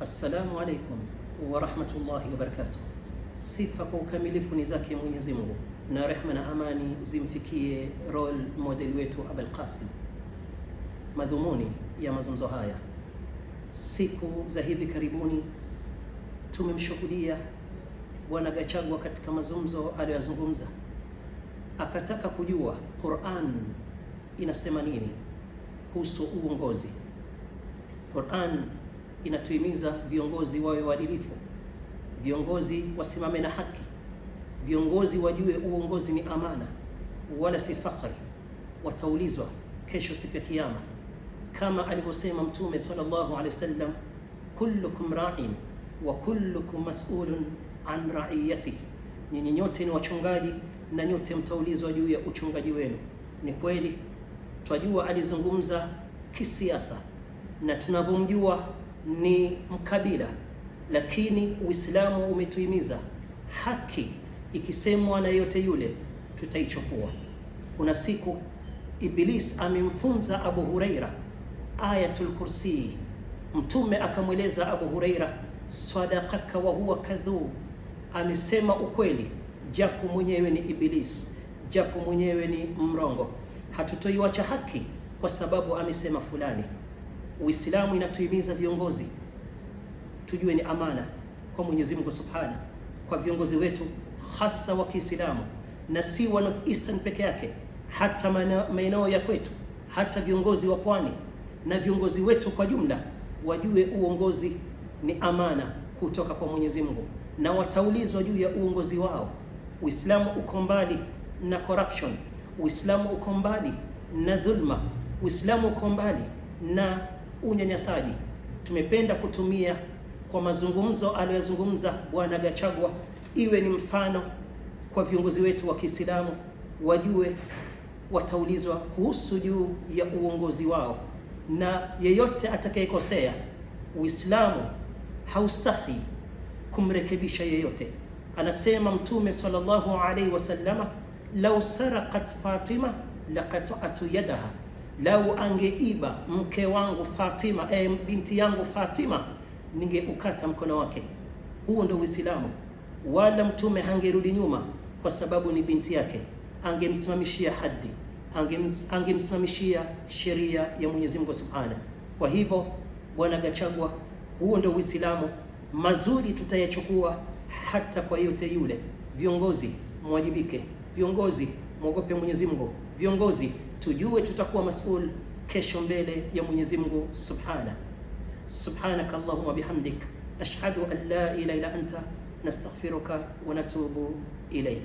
Assalamu alaikum warahmatullahi wabarakatuh. Sifa kwa ukamilifu ni zake Mwenyezi Mungu, na rehma na amani zimfikie role model wetu Abul Qasim. Madhumuni ya mazungumzo haya, siku za hivi karibuni tumemshuhudia Bwana Gachagua katika mazungumzo aliyozungumza, akataka kujua Qur'an inasema nini kuhusu uongozi. Qur'an inatuhimiza viongozi wawe waadilifu, viongozi wasimame na haki, viongozi wajue uongozi ni amana wala si fakhari. Wataulizwa kesho siku ya Kiyama, kama alivyosema Mtume sallallahu alaihi wasallam, kullukum ra'in wa kullukum mas'ulun an ra'iyati, nyinyi nyote ni wachungaji na nyote mtaulizwa juu ya uchungaji wenu. Ni kweli twajua alizungumza kisiasa na tunavyomjua ni mkabila, lakini Uislamu umetuhimiza haki ikisemwa na yote yule tutaichukua. Kuna siku Iblis amemfunza Abu Huraira Ayatul Kursi, Mtume akamweleza Abu Huraira, sadaqaka wa huwa kadhub, amesema ukweli japo mwenyewe ni Iblis, japo mwenyewe ni mrongo. Hatutoiwacha haki kwa sababu amesema fulani. Uislamu inatuhimiza viongozi tujue ni amana kwa Mwenyezi Mungu Subhana, kwa viongozi wetu hasa wa Kiislamu na si wa North Eastern peke yake, hata maeneo ya kwetu, hata viongozi wa pwani na viongozi wetu kwa jumla wajue uongozi ni amana kutoka kwa Mwenyezi Mungu, na wataulizwa juu ya uongozi wao. Uislamu uko mbali na corruption, Uislamu uko mbali na dhulma, Uislamu uko mbali na unyanyasaji. Tumependa kutumia kwa mazungumzo aliyozungumza Bwana Gachagua iwe ni mfano kwa viongozi wetu wa Kiislamu, wajue wataulizwa kuhusu juu ya uongozi wao, na yeyote atakayekosea, Uislamu haustahi kumrekebisha yeyote. Anasema Mtume sallallahu alaihi wasallama, lau sarakat Fatima laqatatu yadaha lau angeiba mke wangu Fatima, eh, binti yangu Fatima, ningeukata mkono wake. Huo ndio Uislamu, wala mtume hangerudi nyuma kwa sababu ni binti yake, angemsimamishia haddi, angemsimamishia sheria ya Mwenyezi Mungu Subhana. Kwa hivyo, bwana Gachagua, huo ndio Uislamu. Mazuri tutayachukua hata kwa yote yule. Viongozi mwajibike, viongozi mwogope Mwenyezi Mungu, viongozi tujue tutakuwa masul kesho mbele ya Mwenyezi Mungu subhana subhanaka allahumma bihamdik ashhadu an la ilaha illa anta nastaghfiruka wa natubu ilayk